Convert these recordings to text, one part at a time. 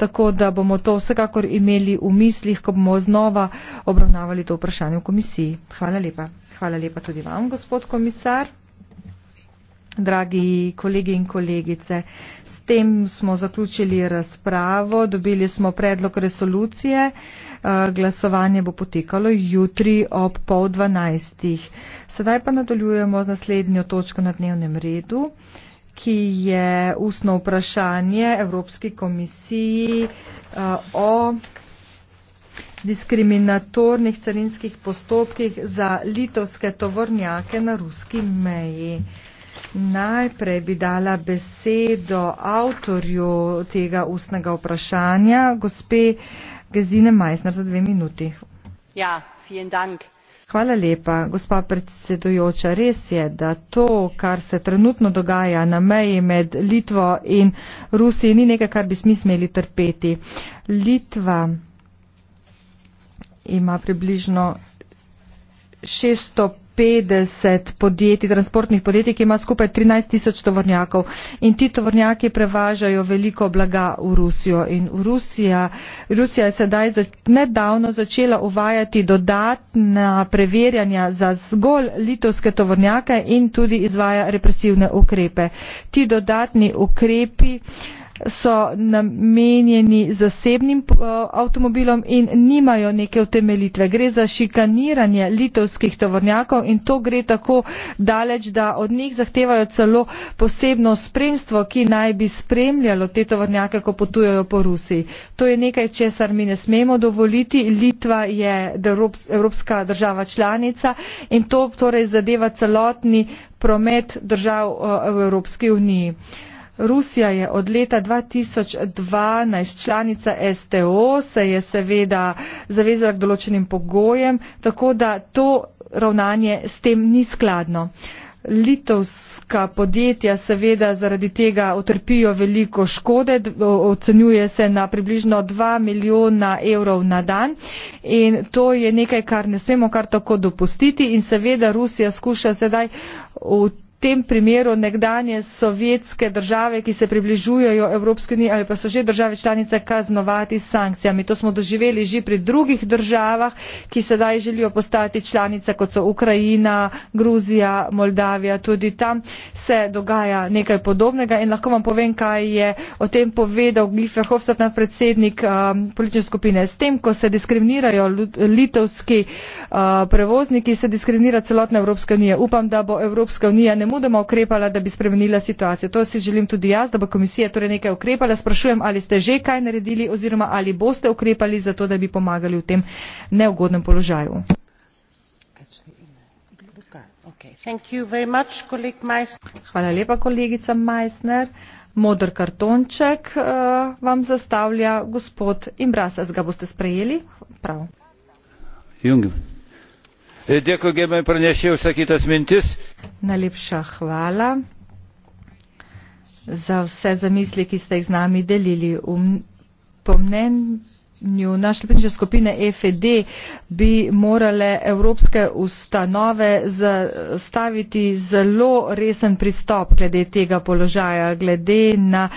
tako da bomo to vsekakor imeli v mislih, ko bomo znova obravnavali to vprašanje v komisiji. Hvala lepa. Hvala lepa tudi vam, gospod komisar. Dragi kolegi in kolegice, s tem smo zaključili razpravo, dobili smo predlog resolucije, eh, glasovanje bo potekalo jutri ob pol dvanajstih. Sedaj pa nadaljujemo z naslednjo točko na dnevnem redu ki je ustno vprašanje Evropski komisiji eh, o diskriminatornih carinskih postopkih za litovske tovornjake na ruski meji. Najprej bi dala besedo avtorju tega ustnega vprašanja, gospe Gezine Meisner, za dve minuti. Ja, vielen Dank. Hvala lepa, gospa predsedujoča. Res je, da to, kar se trenutno dogaja na meji med Litvo in Rusijo, ni nekaj, kar bi smi smeli trpeti. Litva ima približno 600 50 podjetij, transportnih podjetij, ki ima skupaj 13 tisoč tovornjakov. In ti tovornjaki prevažajo veliko blaga v Rusijo. In Rusija, Rusija je sedaj za, nedavno začela uvajati dodatna preverjanja za zgolj litovske tovornjake in tudi izvaja represivne ukrepe. Ti dodatni ukrepi uh, so namenjeni zasebnim eh, avtomobilom in nimajo neke utemeljitve. Gre za šikaniranje litovskih tovornjakov in to gre tako daleč, da od njih zahtevajo celo posebno spremstvo, ki naj bi spremljalo te tovornjake, ko potujejo po Rusiji. To je nekaj, česar mi ne smemo dovoliti. Litva je evropska država članica in to torej zadeva celotni promet držav eh, v Evropski uniji. Uh, Rusija je od leta 2012 članica STO, se je seveda zavezala k določenim pogojem, tako da to ravnanje s tem ni skladno. Litovska podjetja seveda zaradi tega utrpijo veliko škode, ocenjuje se na približno 2 milijona evrov na dan in to je nekaj, kar ne smemo kar tako dopustiti in seveda Rusija skuša sedaj v tem primeru nekdanje sovjetske države, ki se približujejo Evropski uniji ali pa so že države članice, kaznovati s sankcijami. To smo doživeli že pri drugih državah, ki sedaj želijo postati članice, kot so Ukrajina, Gruzija, Moldavija. Tudi tam se dogaja nekaj podobnega in lahko vam povem, kaj je o tem povedal Guy Verhofstadt, predsednik um, eh, politične skupine. S tem, ko se diskriminirajo litovski uh, prevozniki, se diskriminira celotna Evropska unija. Upam, da bo Evropska unija ne nemudoma ukrepala, da bi spremenila situacijo. To si želim tudi jaz, da bo komisija torej nekaj ukrepala. Sprašujem, ali ste že kaj naredili oziroma ali boste ukrepali za to, da bi pomagali v tem neugodnem položaju. Hvala lepa, kolegica Meissner. Modr kartonček uh, vam zastavlja gospod Imbrasas. Ga boste sprejeli? Prav. Jungim. E, dėkui, gerbėjai, pranešėjau išsakytas mintis. Nalipša hvala za vse zamisli, ki ste jih z nami delili. Um, pomnen mnenju naše politične skupine efd e bi morale evropske ustanove zastaviti zelo resen pristop glede tega položaja glede na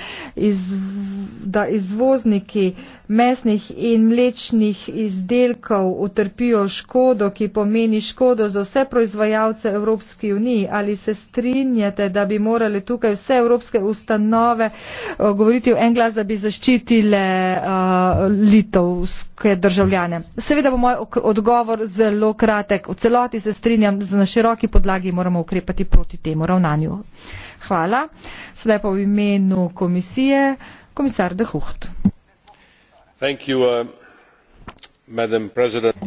da izvozniki mesnih in mlečnih izdelkov utrpijo škodo ki pomeni škodo za vse proizvajalce v evropski uniji ali se strinjate da bi morale tukaj vse evropske ustanove eh, govoriti v en glas da bi zaščitile uh, moldovske državljane. Seveda bo moj odgovor zelo kratek. V celoti se strinjam, da na široki podlagi moramo ukrepati proti temu ravnanju. Hvala. Sedaj pa v imenu komisije komisar De Hucht. Uh,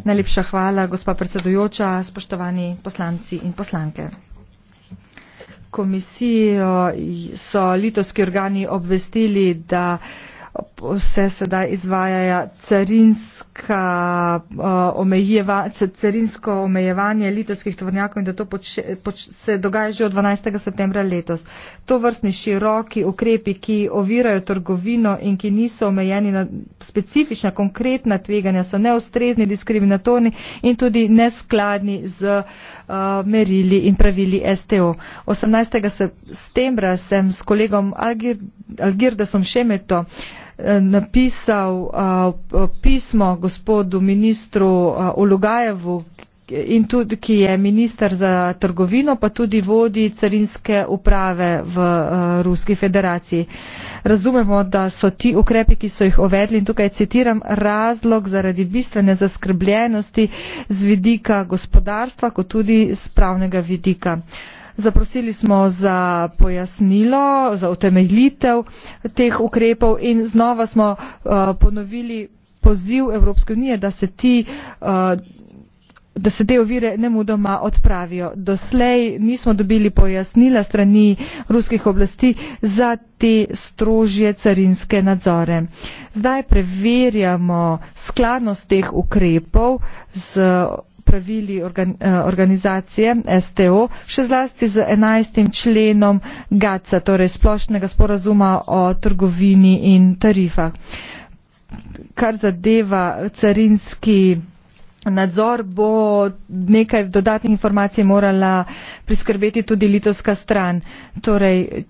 Najlepša hvala, gospa predsedujoča, spoštovani poslanci in poslanke. Komisijo so litovski organi obvestili, da se sedaj izvajajo carinska uh, omejeva, carinsko omejevanje litovskih tovornjakov in da to poče, poč, se dogaja že od 12. septembra letos. To vrstni široki ukrepi, ki ovirajo trgovino in ki niso omejeni na specifična, konkretna tveganja, so neustrezni, diskriminatorni in tudi neskladni z uh, merili in pravili STO. 18. septembra sem s kolegom Algir, Algirdasom Šemeto Eh, napisal eh, pismo gospodu ministru Ulugajevu, eh, in tudi, ki je minister za trgovino, pa tudi vodi carinske uprave v uh, Ruski federaciji. Razumemo, da so ti ukrepi, ki so jih uvedli, in tukaj citiram, razlog zaradi bistvene zaskrbljenosti z vidika gospodarstva, kot tudi z pravnega vidika. Uh, Zaprosili smo za pojasnilo, za utemeljitev teh ukrepov in znova smo uh, ponovili poziv Evropske unije, da se ti. Uh, da se te ovire ne mudoma odpravijo. Doslej nismo dobili pojasnila strani ruskih oblasti za te strožje carinske nadzore. Zdaj preverjamo skladnost teh ukrepov z pravili eh, organizacije STO, še zlasti z enajstim členom GATS-a, torej splošnega sporazuma o trgovini in tarifah. Kar zadeva carinski nadzor, bo nekaj dodatnih informacij morala priskrbeti tudi litovska stran. Torej,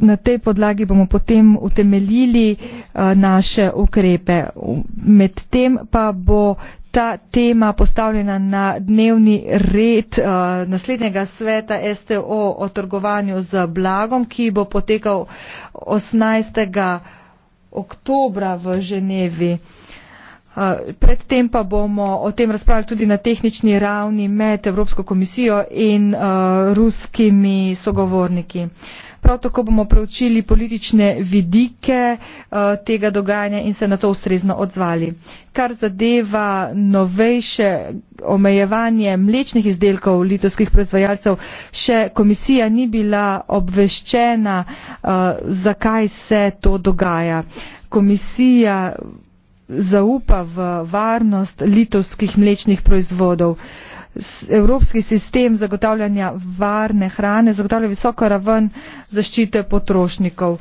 na tej podlagi bomo potem utemeljili eh, naše ukrepe. Medtem pa bo ta tema postavljena na dnevni red eh, naslednjega sveta STO o trgovanju z blagom, ki bo potekal 18. oktobra v Ženevi. Eh, predtem pa bomo o tem razpravljali tudi na tehnični ravni med Evropsko komisijo in uh, ruskimi sogovorniki. Uh, Prav tako bomo preučili politične vidike eh, tega dogajanja in se na to ustrezno odzvali. Kar zadeva novejše omejevanje mlečnih izdelkov litovskih proizvajalcev, še komisija ni bila obveščena, eh, zakaj se to dogaja. Komisija zaupa v varnost litovskih mlečnih proizvodov evropski sistem zagotavljanja varne hrane zagotavlja visoko raven zaščite potrošnikov.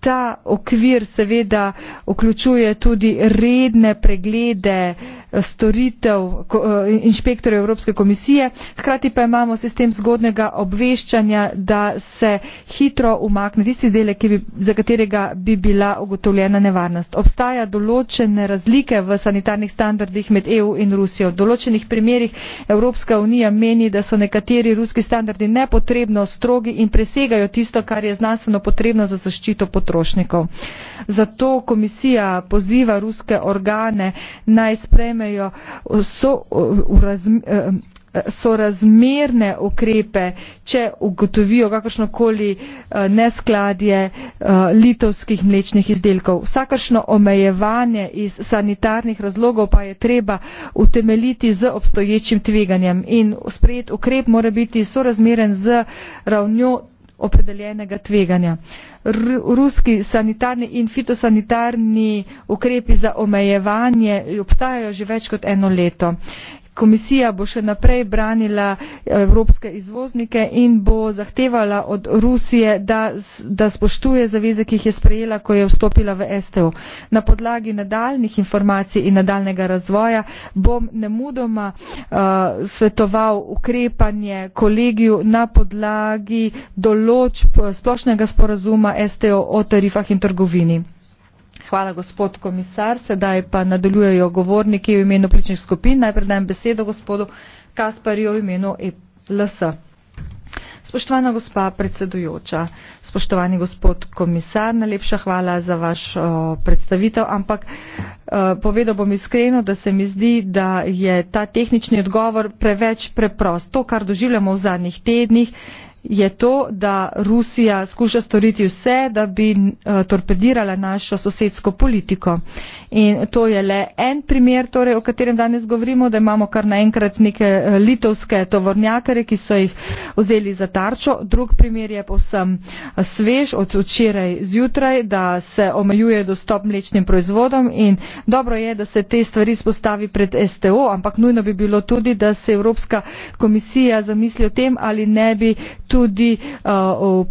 Ta okvir seveda vključuje tudi redne preglede eh, storitev eh, inšpektorjev Evropske komisije, hkrati pa imamo sistem zgodnega obveščanja, da se hitro umakne tisti izdelek, bi, za katerega bi bila ugotovljena nevarnost. Obstaja določene razlike v sanitarnih standardih med EU in Rusijo. V določenih primerjih Evropska unija meni, da so nekateri ruski standardi nepotrebno strogi in presegajo tisto, kar je znanstveno potrebno za zaščito potrošnikov. Zato komisija poziva ruske organe naj sprejme sprejmejo so, v, v raz, eh, so razmerne ukrepe, če ugotovijo kakršnokoli eh, neskladje eh, litovskih mlečnih izdelkov. Vsakršno omejevanje iz sanitarnih razlogov pa je treba utemeljiti z obstoječim tveganjem in sprejet ukrep mora biti sorazmeren z ravnjo opredeljenega tveganja. Ruski sanitarni in fitosanitarni ukrepi za omejevanje obstajajo že več kot eno leto komisija bo še naprej branila eh, evropske izvoznike in bo zahtevala od rusije da spoštuje zaveze ki jih je sprejela ko je vstopila v sto na podlagi nadaljnjih informacij in nadaljnjega razvoja bom nemudoma eh, svetoval ukrepanje kolegiju na podlagi določb eh, splošnega sporazuma sto o tarifah in trgovini. Hvala, gospod komisar. Sedaj pa nadaljujejo govorniki v imenu pričnih skupin. Najprej dajem besedo gospodu Kasparju v imenu e LS. Spoštovana gospa predsedujoča, spoštovani gospod komisar, najlepša hvala za vaš o, predstavitev, ampak o, eh, povedal bom iskreno, da se mi zdi, da je ta tehnični odgovor preveč preprost. To, kar doživljamo v zadnjih tednih, je to, da Rusija skuša storiti vse, da bi eh, torpedirala našo sosedsko politiko. In to je le en primer, torej, o katerem danes govorimo, da imamo kar naenkrat neke eh, litovske tovornjakare, ki so jih vzeli za tarčo. Drug primer je povsem eh, svež od včeraj zjutraj, da se omejuje dostop mlečnim proizvodom in dobro je, da se te stvari spostavi pred STO, ampak nujno bi bilo tudi, da se Evropska komisija zamisli o tem, ali ne bi tudi uh,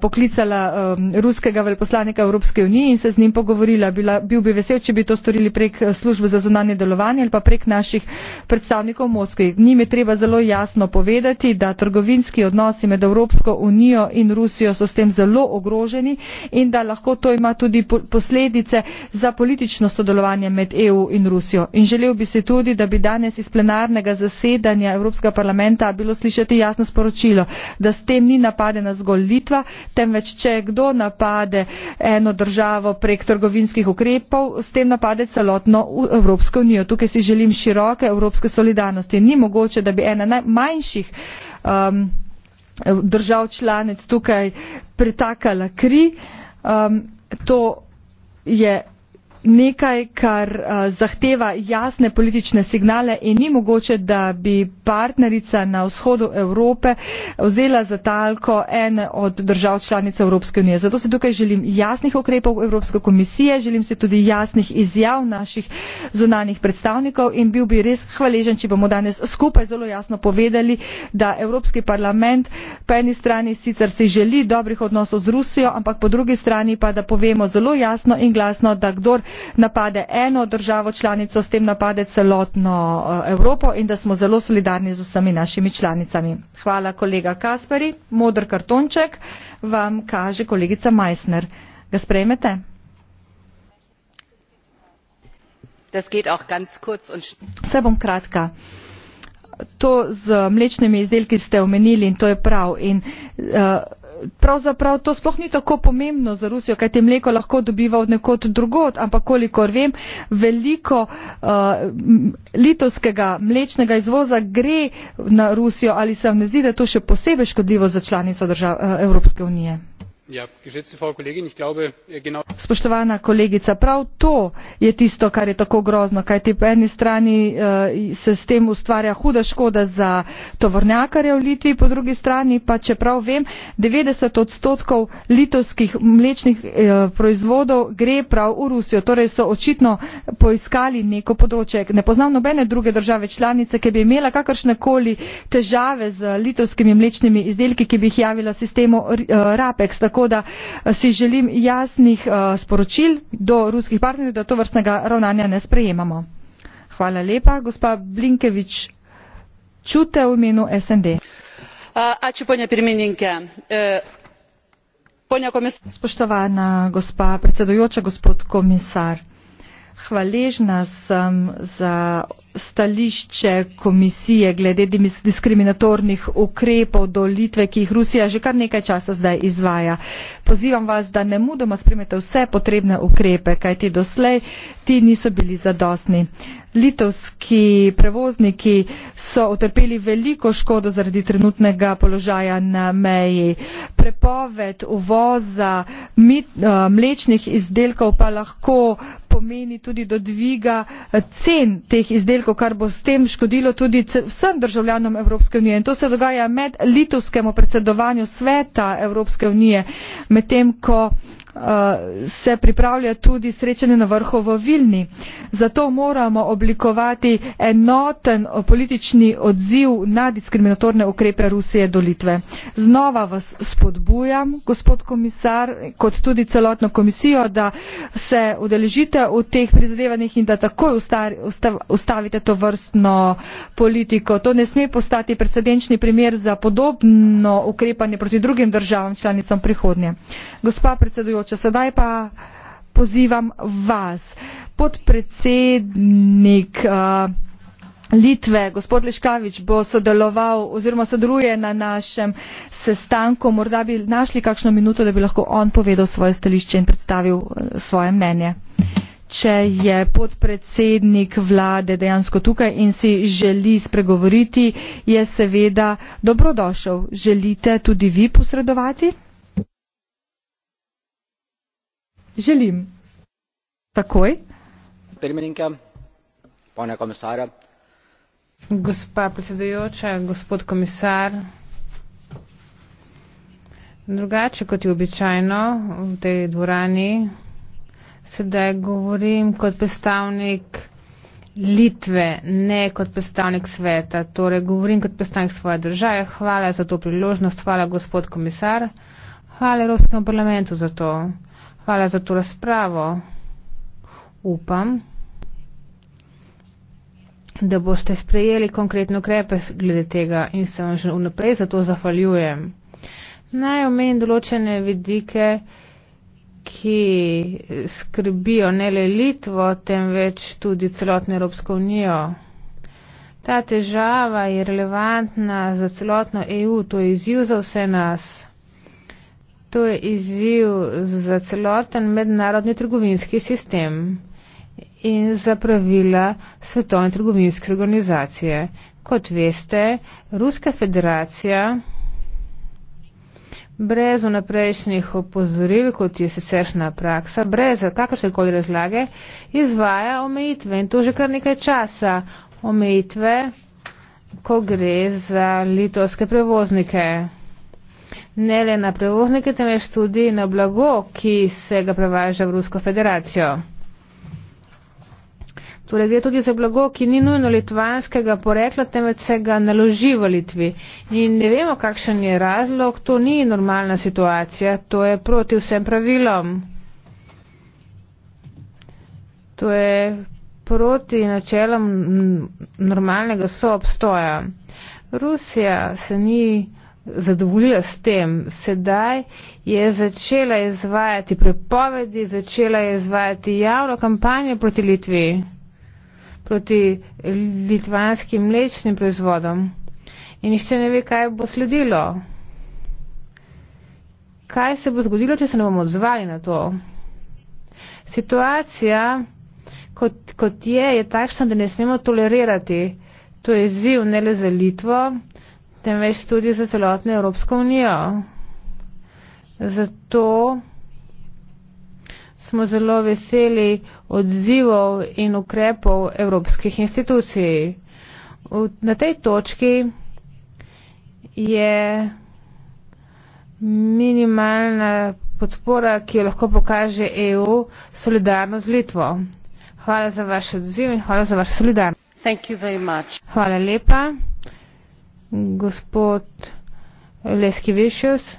poklicala um, ruskega veleposlanika Evropske unije in se z njim pogovorila. Bil bi vesel, če bi to storili prek eh, službe za zunanje delovanje ali pa prek naših predstavnikov v Moskvi. Njim je treba zelo jasno povedati, da trgovinski odnosi med Evropsko unijo in Rusijo so s tem zelo ogroženi in da lahko to ima tudi posledice za politično sodelovanje med EU in Rusijo. In želel bi se tudi, da bi danes iz plenarnega zasedanja Evropskega parlamenta bilo slišati jasno sporočilo, sporočilo, da s tem ni napadena zgolj Litva, temveč če kdo napade eno državo prek trgovinskih ukrepov, s tem napade celotno Evropsko unijo. Tukaj si želim široke evropske solidarnosti. Ni mogoče, da bi ena najmanjših um, držav članic tukaj pritakala kri. Um, to je nekaj, kar uh, zahteva jasne politične signale in ni mogoče, da bi partnerica na vzhodu Evrope vzela za talko ene od držav članic Evropske unije. Zato se tukaj želim jasnih ukrepov Evropske komisije, želim se tudi jasnih izjav naših zunanih predstavnikov in bil bi res hvaležen, če bomo danes skupaj zelo jasno povedali, da Evropski parlament po eni strani sicer si želi dobrih odnosov z Rusijo, ampak po drugi strani pa, da povemo zelo jasno in glasno, da kdor napade eno državo članico s tem napade celotno eh, evropo in da smo zelo solidarni z vsemi našimi članicami. Hvala kolega Kasperi, modr kartonček vam kaže kolegica Meissner. Ga sprejmete? Vse bom kratka. To z mlečnimi izdelki ste omenili in to je prav. In, uh, pravzaprav to sploh ni tako pomembno za rusijo kajti mleko lahko dobiva od nekod drugod ampak kolikor vem veliko eh, litovskega mlečnega izvoza gre na rusijo ali se vam ne zdi da je to še posebej škodljivo za članico eh, evropske unije? Ja, äh, spoštovana kolegica prav to je tisto kar je tako grozno kajti po eni strani eh, se s tem ustvarja huda škoda za tovornjakarje v litvi po drugi strani pa čeprav vem devetdeset odstotkov litovskih mlečnih eh, proizvodov gre prav v rusijo torej so očitno poiskali neko področje ne poznam nobene druge države članice ki bi imela kakršnekoli težave z litovskimi mlečnimi izdelki ki bi jih javila sistemu eh, rapex tako da tukaj je res tako da eh, si želim jasnih eh, sporočil do ruskih partnerjev, da to vrstnega ravnanja ne sprejemamo. Hvala lepa, gospa Blinkevič. Čute v imenu SND. Ači, ponja Pirmininke. Ponja komis... Spoštovana gospa predsedujoča, gospod komisar. Hvaležna sem za stališče komisije glede diskriminatornih ukrepov do litve ki jih rusija že kar nekaj časa zdaj izvaja. pozivam vas da nemudoma sprejmete vse potrebne ukrepe kajti doslej ti niso bili zadostni. litovski prevozniki so utrpeli veliko škodo zaradi trenutnega položaja na meji. prepoved uvoza eh, mlečnih izdelkov pa lahko pomeni tudi do dviga cen teh izdelkov veliko kar bo s tem škodilo tudi vsem državljanom evropske unije in to se dogaja med litovskemu predsedovanju sveta evropske unije medtem ko Eh, se pripravlja tudi srečanje na vrhu v vilni zato moramo oblikovati enoten politični odziv na diskriminatorne ukrepe rusije do litve. znova vas spodbujam gospod komisar kot tudi celotno komisijo da se udeležite v teh prizadevanjih in da takoj ustavite tovrstno politiko. to ne sme postati precedenčni primer za podobno ukrepanje proti drugim državam članicam v prihodnje predsedujoča. Sedaj pa pozivam vas, podpredsednik eh, Litve, gospod Leškavič bo sodeloval oziroma sodeluje na našem sestanku. Morda bi našli kakšno minuto, da bi lahko on povedal svoje stališče in predstavil eh, svoje mnenje. Če je podpredsednik vlade dejansko tukaj in si želi spregovoriti, je seveda dobrodošel. Želite tudi vi posredovati? želim. Takoj. Pirmininke, pone komisare. Gospa predsedujoča, gospod komisar. Drugače kot je običajno v tej dvorani, sedaj govorim kot predstavnik Litve, ne kot predstavnik sveta. Torej, govorim kot predstavnik svoje države. Hvala za to priložnost, hvala gospod komisar, hvala Evropskemu parlamentu za to. Hvala za to razpravo. Upam, da boste sprejeli konkretno krepe glede tega in se vam že vnaprej za to zahvaljujem. Naj omenim določene vidike, ki skrbijo ne le Litvo, temveč tudi celotno Evropsko unijo. Ta težava je relevantna za celotno EU, to je izziv za vse nas to je izziv za celoten mednarodni trgovinski sistem in za pravila Svetovne trgovinske organizacije. Kot veste, Ruska federacija brez unaprejšnjih opozoril, kot je siceršna praksa, brez kakršne koli razlage, izvaja omejitve in to že kar nekaj časa. Omejitve, ko gre za litovske prevoznike ne le na prevoznike, temveč tudi na blago, ki se ga prevaža v Rusko federacijo. Torej gre tudi za blago, ki ni nujno litvanskega porekla, temveč se ga naloži v Litvi. In ne vemo, kakšen je razlog, to ni normalna situacija, to je proti vsem pravilom. To je proti načelom normalnega soobstoja. Rusija se ni zadovoljila s tem. Sedaj je začela izvajati prepovedi, začela je izvajati javno kampanjo proti Litvi, proti litvanskim mlečnim proizvodom. In nišče ne ve, kaj bo sledilo. Kaj se bo zgodilo, če se ne bomo odzvali na to? Situacija, kot, kot je, je takšna, da ne smemo tolerirati. To je ziv ne le za Litvo, temveč tudi za celotno Evropsko unijo. Zato smo zelo veseli odzivov in ukrepov evropskih institucij. V, na tej točki je minimalna podpora, ki jo lahko pokaže EU, solidarno z Litvo. Hvala za vaš odziv in hvala za vaš solidarnost. Hvala lepa gospod Leskivišius eh,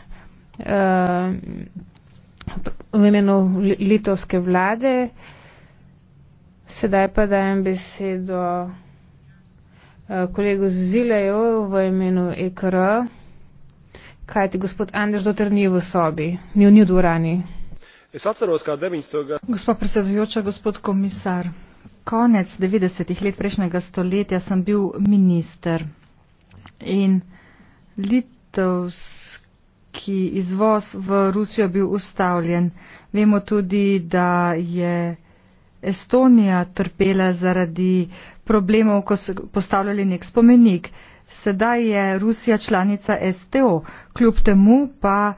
v imenu litovske vlade. Sedaj pa dajem besedo eh, kolegu Zilejo v imenu EKR. Kaj ti gospod Anders Doter ni v sobi, ni v njih dvorani? Gospod predsedujoča, gospod komisar, konec 90-ih let prejšnjega stoletja sem bil minister in litovski izvoz v Rusijo bil ustavljen. Vemo tudi, da je Estonija trpela zaradi problemov, ko so postavljali nek spomenik. Sedaj je Rusija članica STO, kljub temu pa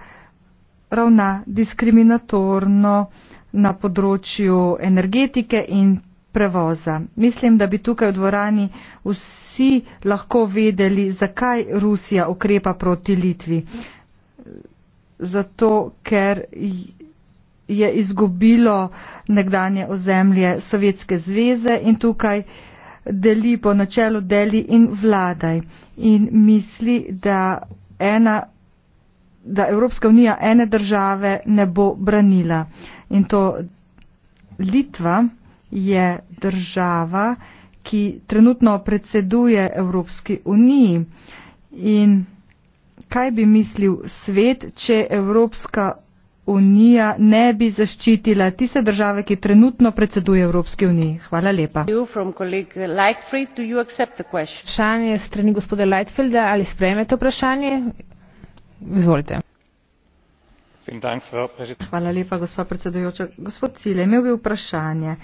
ravna diskriminatorno na področju energetike in prevoza. Mislim, da bi tukaj v dvorani vsi lahko vedeli, zakaj Rusija ukrepa proti Litvi. Zato, ker je izgubilo nekdanje ozemlje Sovjetske zveze in tukaj deli po načelu deli in vladaj. In misli, da, ena, da Evropska unija ene države ne bo branila. In to Litva je država, ki trenutno predseduje Evropski uniji. In kaj bi mislil svet, če Evropska unija ne bi zaščitila tiste države, ki trenutno predseduje Evropski uniji? Hvala lepa. Vprašanje strani gospoda Lightfielda, ali sprejmete vprašanje? Izvolite. Hvala lepa, gospod predsedujoča. Gospod Cile, imel bi vprašanje.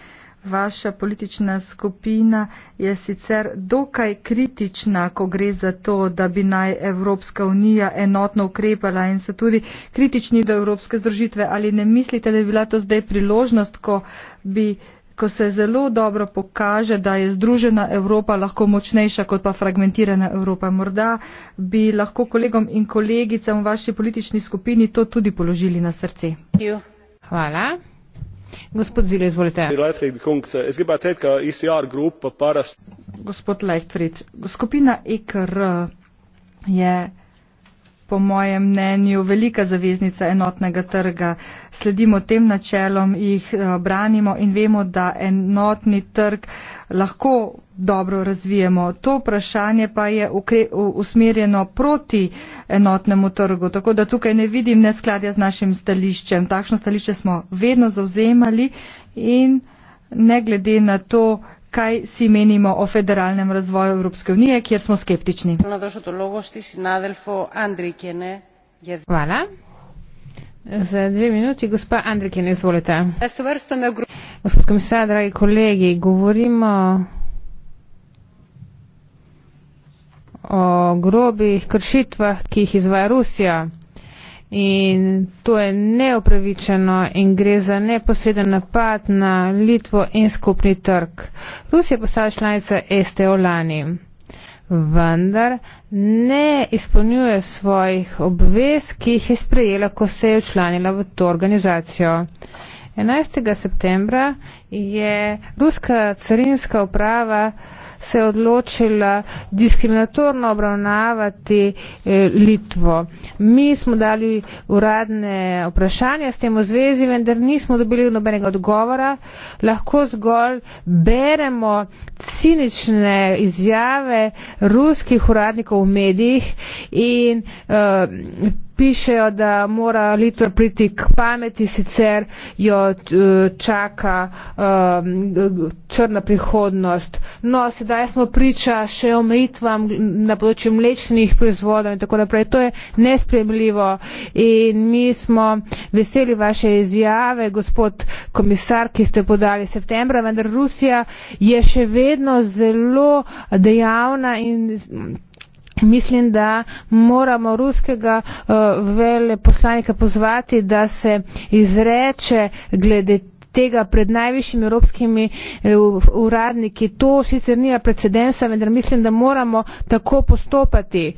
Vaša politična skupina je sicer dokaj kritična, ko gre za to, da bi naj Evropska unija enotno ukrepala in so tudi kritični do Evropske združitve. Ali ne mislite, da je bila to zdaj priložnost, ko, bi, ko se zelo dobro pokaže, da je združena Evropa lahko močnejša kot pa fragmentirana Evropa? Morda bi lahko kolegom in kolegicam v vaši politični skupini to tudi položili na srce. Hvala gospod zile izvolite gospod leichtfried skupina ekr je po mojem mnenju velika zaveznica enotnega trga sledimo tem načelom jih eh, branimo in vemo da enotni trg lahko dobro razvijemo. To vprašanje pa je usmerjeno proti enotnemu trgu, tako da tukaj ne vidim neskladja z našim stališčem. Takšno stališče smo vedno zauzemali in ne glede na to, kaj si menimo o federalnem razvoju Evropske unije, kjer smo skeptični. Hvala. Za dve minuti, gospa Andrikin, izvolite. Gospod komisar, dragi kolegi, govorimo o grobih kršitvah, ki jih izvaja Rusija. In to je neopravičeno in gre za neposreden napad na Litvo in skupni trg. Rusija postala članica STO lani vendar ne izpolnjuje svojih obvez, ki jih je sprejela, ko se je učlanila v to organizacijo. 11. septembra je ruska carinska uprava uh, se odločila diskriminatorno obravnavati eh, Litvo. Mi smo dali uradne vprašanja s tem v zvezi, vendar nismo dobili nobenega odgovora. Lahko zgolj beremo cinične izjave ruskih uradnikov v medijih in uh, pišejo, da mora Litva priti k pameti, sicer jo eh, čaka ehm, črna prihodnost. No, sedaj smo priča še omejitvam na področju mlečnih proizvodov in tako naprej. To je nespremljivo in mi smo veseli vaše izjave, gospod komisar, ki ste podali septembra, vendar Rusija je še vedno zelo dejavna in mislim, da moramo ruskega eh, veleposlanika pozvati, da se izreče glede tega pred najvišjimi evropskimi eh, uradniki. To sicer nija precedensa, vendar mislim, da moramo tako postopati.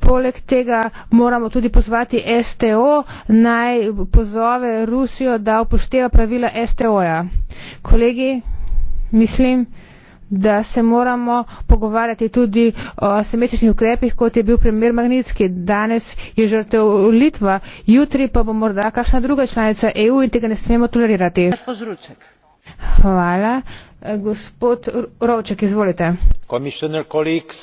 Poleg tega moramo tudi pozvati STO, naj pozove Rusijo, da upošteva pravila STO-ja. Kolegi, mislim, da se moramo pogovarjati tudi o asimetričnih ukrepih, kot je bil primer Magnitski. Danes je žrtev Litva, jutri pa bo morda kakšna druga članica EU in tega ne smemo tolerirati. Hvala. Gospod Rovček, izvolite. Komisioner, kolegs,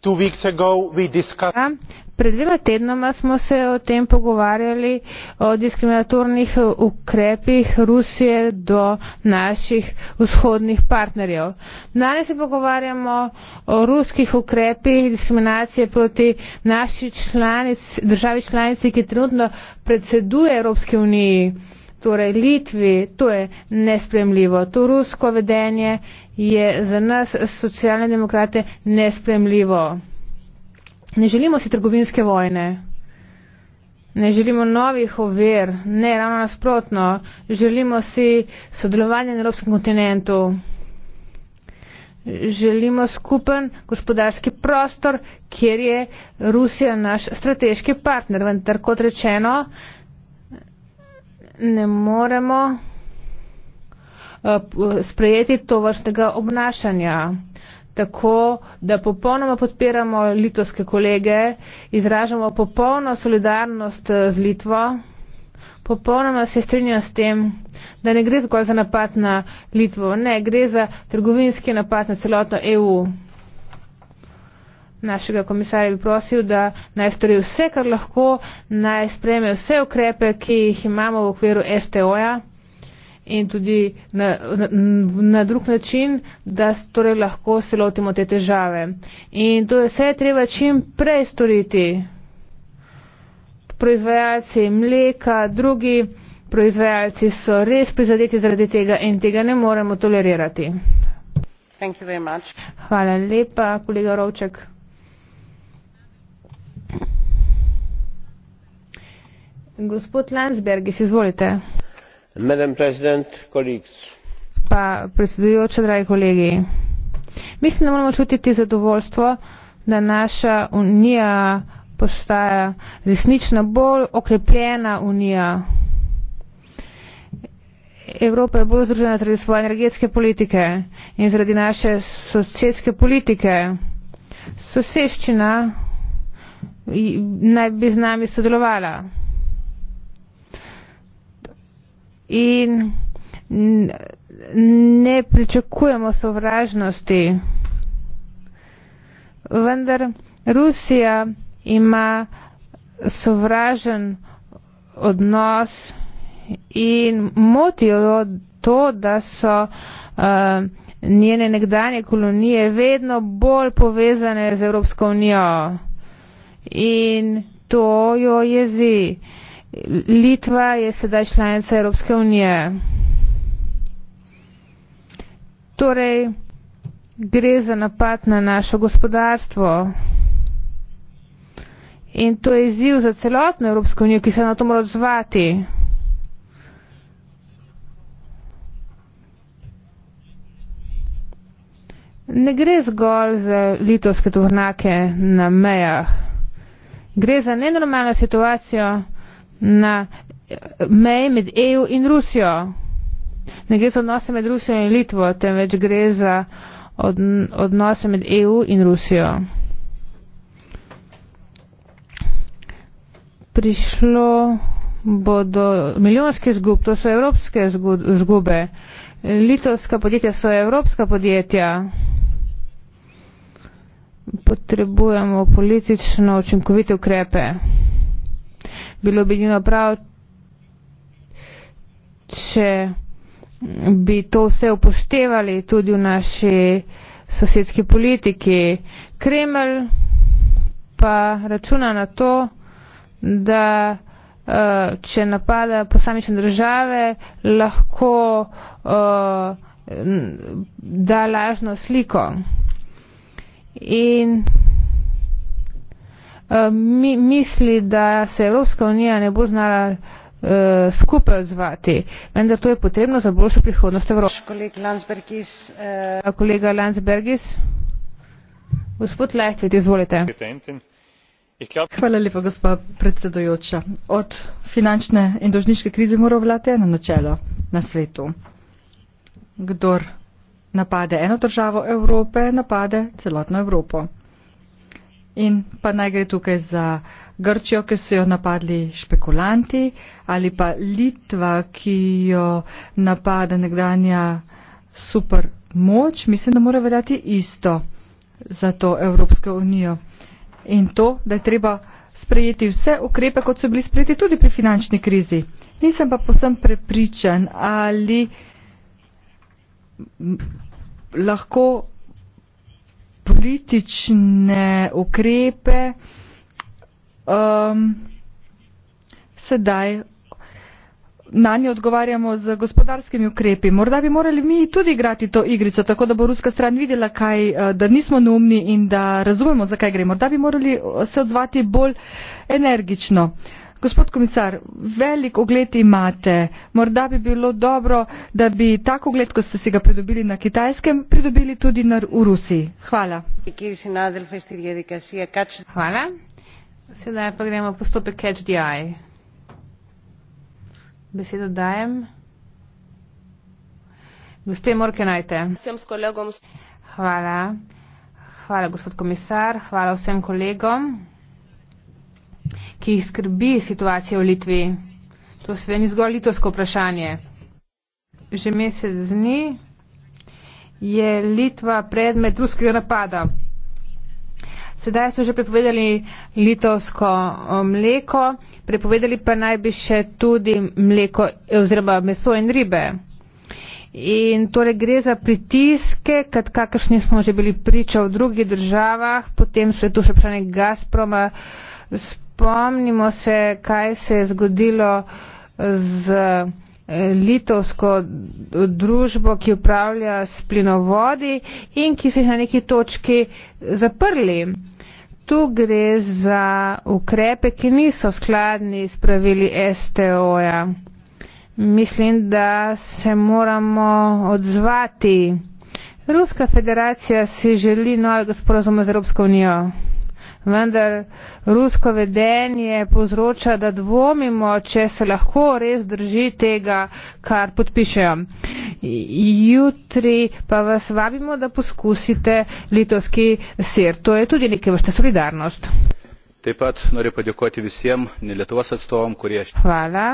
two weeks ago we discussed. Ja, Pred dvema tednoma smo se o tem pogovarjali, o diskriminatornih ukrepih Rusije do naših vzhodnih partnerjev. Danes se pogovarjamo o ruskih ukrepih diskriminacije proti naši članic, državi članici, ki trenutno predseduje Evropske unije. Torej, Litvi, to je nespremljivo. To rusko vedenje je za nas, socialne demokrate, nespremljivo ne želimo si trgovinske vojne, ne želimo novih ovir, ne, ravno nasprotno, želimo si sodelovanje na evropskem kontinentu, želimo skupen gospodarski prostor, kjer je Rusija naš strateški partner, vendar kot rečeno, ne moremo eh, sprejeti to vrstnega obnašanja tako, da popolnoma podpiramo litovske kolege, izražamo popolno solidarnost eh, z Litvo, popolnoma se strinjam s tem, da ne gre zgolj za napad na Litvo, ne, gre za trgovinski napad na celotno EU. Našega komisarja bi prosil, da naj stori vse, kar lahko, naj spreme vse ukrepe, ki jih imamo v okviru STO-ja in tudi na, na, na drug način, da torej lahko se lotimo te težave. In to vse je treba čim prej storiti. Proizvajalci mleka, drugi proizvajalci so res prizadeti zaradi tega in tega ne moremo tolerirati. Hvala lepa, kolega Rovček. Gospod Landsberg, izvolite gospa predsedujoča dragi kolegi mislim da moramo čutiti zadovoljstvo da naša unija postaja resnično bolj okrepljena unija evropa je bolj združena zaradi svoje energetske politike in zaradi naše sosedske politike soseščina naj bi z nami sodelovala in ne pričakujemo sovražnosti. Vendar Rusija ima sovražen odnos in motijo to, da so uh, njene nekdanje kolonije vedno bolj povezane z Evropsko unijo. In to jo jezi. Uh, Litva je sedaj članica Evropske unije. Torej, gre za napad na naše gospodarstvo. In to je izziv za celotno Evropsko unijo, ki se na to mora odzvati. Ne gre zgolj za litovske tovornake na mejah. Gre za nenormalno situacijo na eh, meji med EU in Rusijo. Ne gre za odnose med Rusijo in Litvo, temveč gre za od, odnose med EU in Rusijo. Prišlo bo do milijonskih zgub, to so evropske zgube. Litovska podjetja so evropska podjetja. Potrebujemo politično učinkovite ukrepe bilo bi njeno prav, če bi to vse upoštevali tudi v naši sosedski politiki. Kremelj pa računa na to, da eh, če napada posamične države, lahko eh, da lažno sliko. In Eh, mi, misli, da se Evropska unija ne bo znala uh, skupaj odzvati. Vendar to je potrebno za boljšo prihodnost Evrope. Kolega Landsbergis. Uh... Eh, kolega Landsbergis. Gospod Lehtet, izvolite. Hvala lepa, gospa predsedujoča. Od finančne in dožniške krize mora vlade eno načelo na svetu. Kdor napade eno državo Evrope, napade celotno Evropo. In pa naj gre tukaj za Grčijo, ki so jo napadli špekulanti, ali pa Litva, ki jo napada nekdanja supermoč, mislim, da mora vedati isto za to Evropsko unijo. In to, da je treba sprejeti vse ukrepe, kot so bili sprejeti tudi pri finančni krizi. Nisem pa posem prepričan, ali lahko politične ukrepe um, sedaj na nje odgovarjamo z gospodarskimi ukrepi. Morda bi morali mi tudi igrati to igrico, tako da bo ruska stran videla, kaj, eh, da nismo neumni in da razumemo, zakaj gre. Morda bi morali eh, se odzvati bolj energično. Uh, gospod komisar velik ogled imate morda bi bilo dobro da bi tak ogled kot ste si ga pridobili na kitajskem pridobili tudi na, v rusiji hvala hvala sedaj pa gremo postopek catch the eye besedo dajem gospe morke najte vsem s kolegom hvala hvala gospod komisar hvala vsem kolegom ki jih skrbi situacija v Litvi? To sve ni zgolj litovsko vprašanje. Že mesec dni je Litva predmet ruskega napada. Sedaj so že prepovedali litovsko mleko, prepovedali pa naj bi še tudi mleko oziroma meso in ribe. In torej gre za pritiske, kad kakršni smo že bili priča v drugih državah, potem še tu še vprašanje Gazproma, spomnimo se, kaj se je zgodilo z eh, litovsko eh, družbo, ki upravlja s plinovodi in ki so jih na neki točki eh, zaprli. Tu gre za ukrepe, ki niso skladni s pravili STO-ja. Mislim, da se moramo odzvati. Ruska federacija si želi novega sporozuma z Evropsko unijo vendar rusko vedenje povzroča, da dvomimo, če se lahko res drži tega, kar podpišejo. Jutri pa vas vabimo, da poskusite litovski sir. To je tudi nekaj vrste solidarnost. Taip pat noriu padėkoti visiems nelietuvos atstovom, kurie aš. Hvala.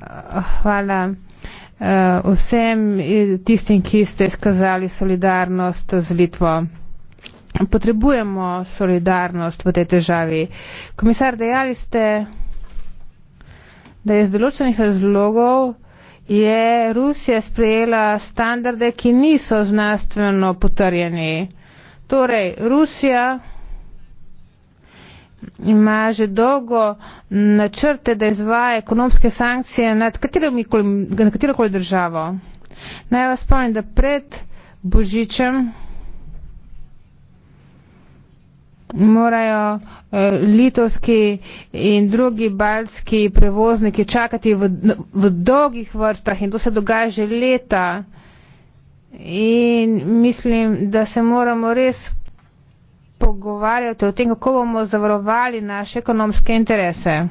Hvala eh, vsem eh, tistim, ki ste izkazali solidarnost z Litvo potrebujemo solidarnost v tej državi. Komisar, dejali ste, da je iz določenih razlogov je Rusija sprejela standarde, ki niso znanstveno potrjeni. Torej, Rusija ima že dolgo načrte, da izvaja ekonomske sankcije nad katero koli državo. Naj vas spomnim, da pred Božičem morajo eh, litovski in drugi baltski prevozniki čakati v, v dolgih vrstah in to se dogaja že leta. In mislim, da se moramo res pogovarjati o tem, kako bomo zavarovali naše ekonomske interese.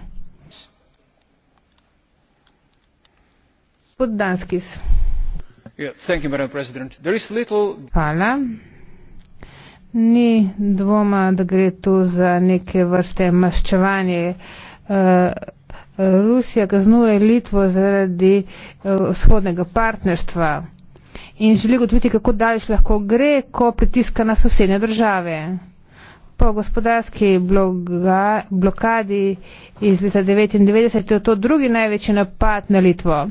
Yeah, you, Hvala. Ni dvoma, da gre tu za neke vrste maščevanje. Eh, Rusija kaznuje Litvo zaradi eh, vzhodnega partnerstva in želi gotoviti, kako daleč lahko gre, ko pritiska na sosednje države po gospodarski bloga, blokadi iz leta 1999 je to drugi največji napad na Litvo.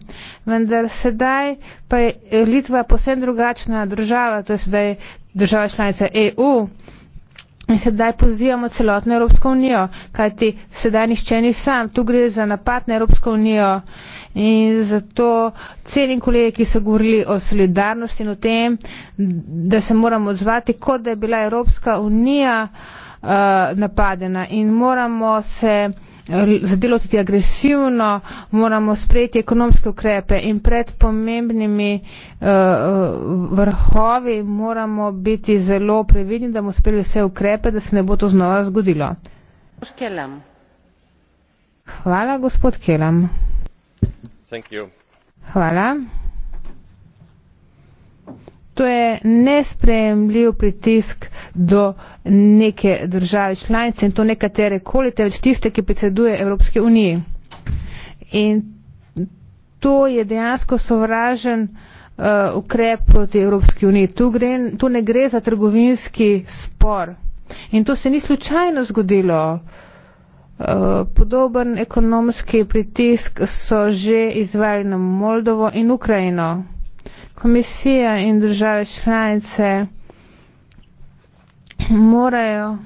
Vendar sedaj pa je Litva posebno drugačna država, to je sedaj država članica EU. In sedaj pozivamo celotno Evropsko unijo, kajti sedaj nišče ni sam, tu gre za napad na Evropsko unijo. Uh, In zato celim kolegi, ki so govorili o solidarnosti in o tem, da se moramo odzvati, kot da je bila Evropska unija uh, napadena in moramo se eh, zadelotiti agresivno, moramo sprejeti ekonomske ukrepe in pred pomembnimi uh, vrhovi moramo biti zelo previdni, da bomo sprejeli vse ukrepe, da se ne bo to znova zgodilo. Hvala, gospod Kelam. To je nesprejemljiv pritisk do neke države članice in to nekatere kolite, več tiste, ki predseduje Evropske unije. In to je dejansko sovražen uh, ukrep proti Evropski uniji. Tu, gre, tu ne gre za trgovinski spor. In to se ni slučajno zgodilo. Uh, Eh, podoben ekonomski pritisk so že izvajali na Moldovo in Ukrajino. Komisija in države članice morajo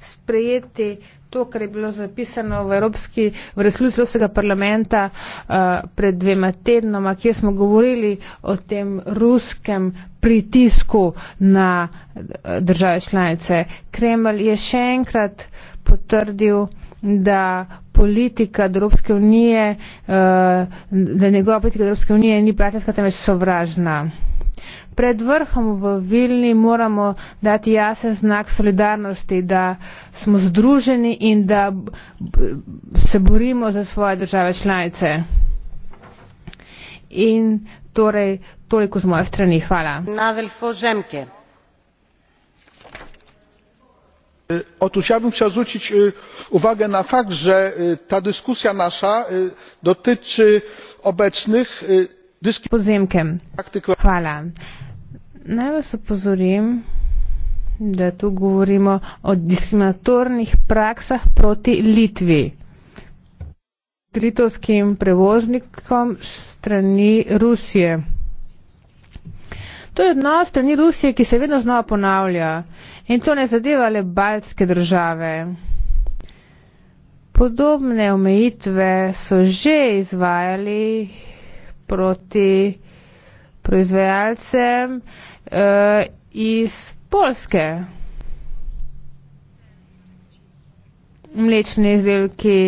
sprejeti to, kar je bilo zapisano v, Evropski, v resluci Evropskega parlamenta eh, pred dvema tednoma, kjer smo govorili o tem ruskem pritisku na eh, države članice. Kreml je še enkrat potrdil, da politika Evropske unije, eh, da njegova politika Evropske unije ni prijateljska, temveč sovražna. Pred vrhom v Vilni moramo dati jasen znak solidarnosti, da smo združeni in da se borimo za svoje države članice. In torej toliko z moje strani. Hvala. Nadelfo Žemke. E, otóż ja bym chciał zwrócić e, uwagę na fakt że e, ta dyskusja nasza dotyczy obecnych praktyk no, ja dyskryminatornych praksach proti Litvi. Litovskim prevoznikom strani Rusije. To je odnos strani Rusije, ki se vedno znova ponavlja in to ne zadeva le baltske države. Podobne omejitve so že izvajali proti proizvajalcem uh, iz Polske. Mlečni izdelki,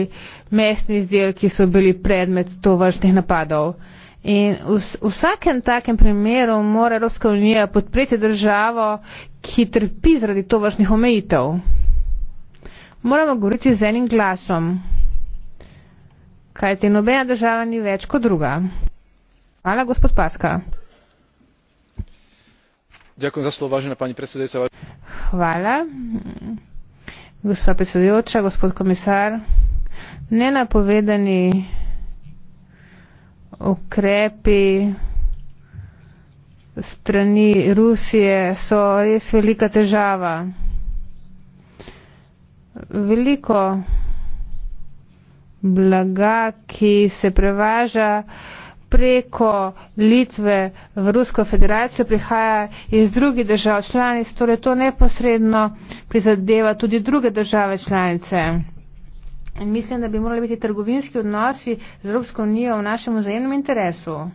mesni izdelki so bili predmet tovrstnih napadov. Uh, In v vsakem takem primeru mora Evropska unija podpreti državo, ki trpi zaradi to vrstnih omejitev. Moramo govoriti z enim glasom, kajti nobena država ni več kot druga. Hvala, gospod Paska. Ďakujem za slovo, vážená pani predsedajúca. Hvala. Gospa predsedajúca, gospod komisár, nenapovedaný ukrepi strani Rusije so res velika težava. Veliko blaga, ki se prevaža preko Litve v Rusko federacijo, prihaja iz drugih držav članic, torej to neposredno prizadeva tudi druge države članice. In mislim, da bi morali biti trgovinski odnosi z Evropsko unijo v našem vzajemnem interesu.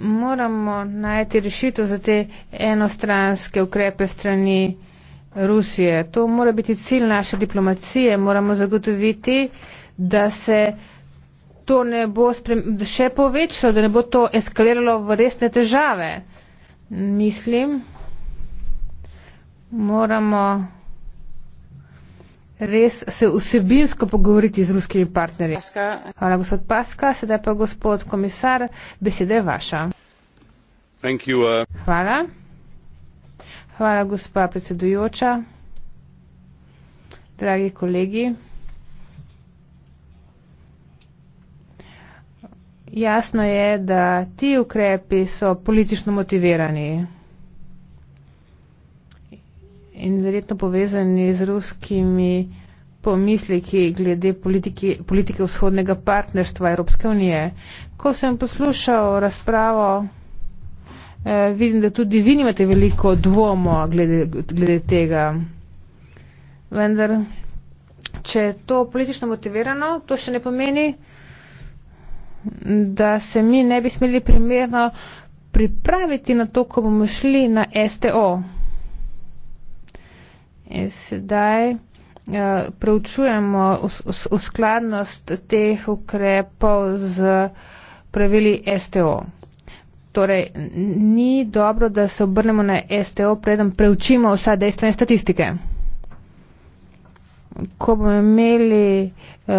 Moramo najti rešitev za te enostranske ukrepe strani Rusije. To mora biti cilj naše diplomacije. Moramo zagotoviti, da se to ne bo še povečalo, da ne bo to eskaliralo v resne težave. Mislim, moramo res se vsebinsko pogovoriti z ruskimi partnerji. Hvala, gospod Paska. Sedaj pa gospod komisar, beseda je vaša. Uh, Hvala. Hvala, gospa predsedujoča. Dragi kolegi. Jasno je, da ti ukrepi so politično motivirani in verjetno povezani z ruskimi pomisliki glede politiki, politike vzhodnega partnerstva Evropske unije. Ko sem poslušal razpravo, eh, vidim, da tudi vi nimate veliko dvomo glede, glede tega. Vendar, če je to politično motivirano, to še ne pomeni, da se mi ne bi smeli primerno pripraviti na to, ko bomo šli na STO. In sedaj uh, preučujemo uskladnost teh ukrepov z pravili STO. Torej, ni dobro, da se obrnemo na STO, predem preučimo vsa dejstva in statistike. Ko bomo imeli uh,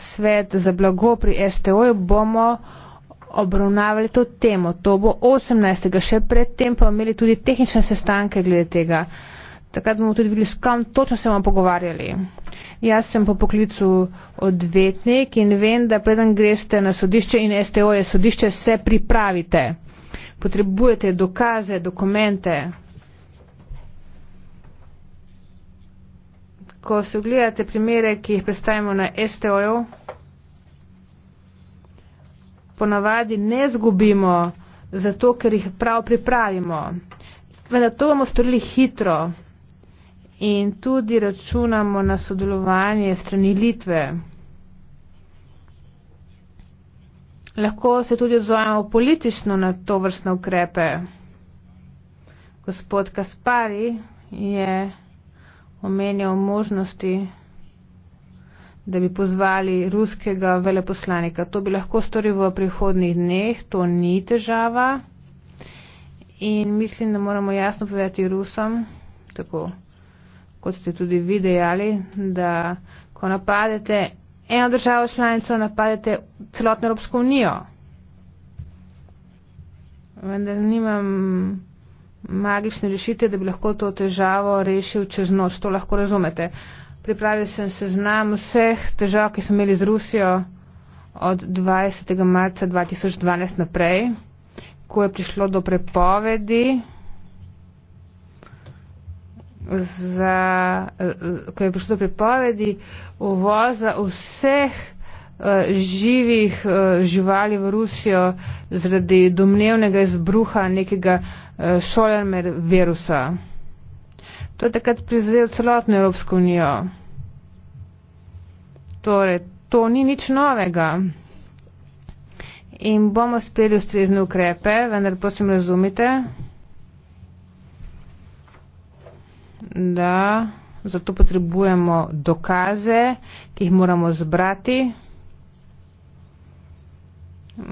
svet za blago pri STO, bomo obravnavali to temo. To bo 18. še predtem pa imeli tudi tehnične sestanke glede tega. Uh, takrat bomo tudi videli, s kam točno se bomo pogovarjali. Jaz sem po poklicu odvetnik in vem, da preden greste na sodišče in STO je sodišče, se pripravite. Potrebujete dokaze, dokumente. Ko se ogledate primere, ki jih predstavimo na STO-ju, ponavadi ne zgubimo, zato ker jih prav pripravimo. Vendar to bomo storili hitro, in tudi računamo na sodelovanje strani Litve. Lahko se tudi odzovemo politično na to vrstne ukrepe. Gospod Kaspari je omenjal možnosti, da bi pozvali ruskega veleposlanika. To bi lahko storil v prihodnih dneh, to ni težava. In mislim, da moramo jasno povedati Rusom, tako kot ste tudi vi dejali, da ko napadete eno državo članico, napadete celotno Evropsko unijo. Vendar nimam magične rešitve, da bi lahko to težavo rešil čez noč. To lahko razumete. Pripravil sem seznam vseh težav, ki smo imeli z Rusijo od 20. marca 2012 naprej, ko je prišlo do prepovedi za, eh, ko je prišlo do prepovedi uvoza vseh eh, živih eh, živali v Rusijo zaradi domnevnega izbruha nekega šolarmer virusa. To je takrat prizadelo celotno Evropsko unijo. Torej, to ni nič novega. In bomo sprejeli ustrezne ukrepe, vendar prosim razumite, da zato potrebujemo dokaze, ki jih moramo zbrati.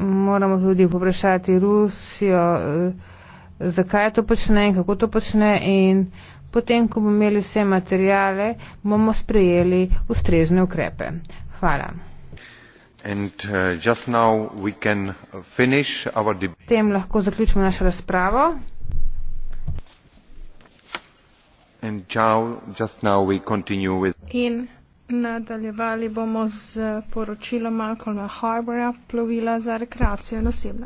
Moramo tudi poprašati Rusijo, eh, zakaj to počne in kako to počne. In potem, ko bomo imeli vse materijale, bomo sprejeli ustrezne ukrepe. Hvala. S uh, tem lahko zaključimo našo razpravo. In nadaljevali bomo z poročilom Malcolma Harbora, plovila za rekreacijo in osebna.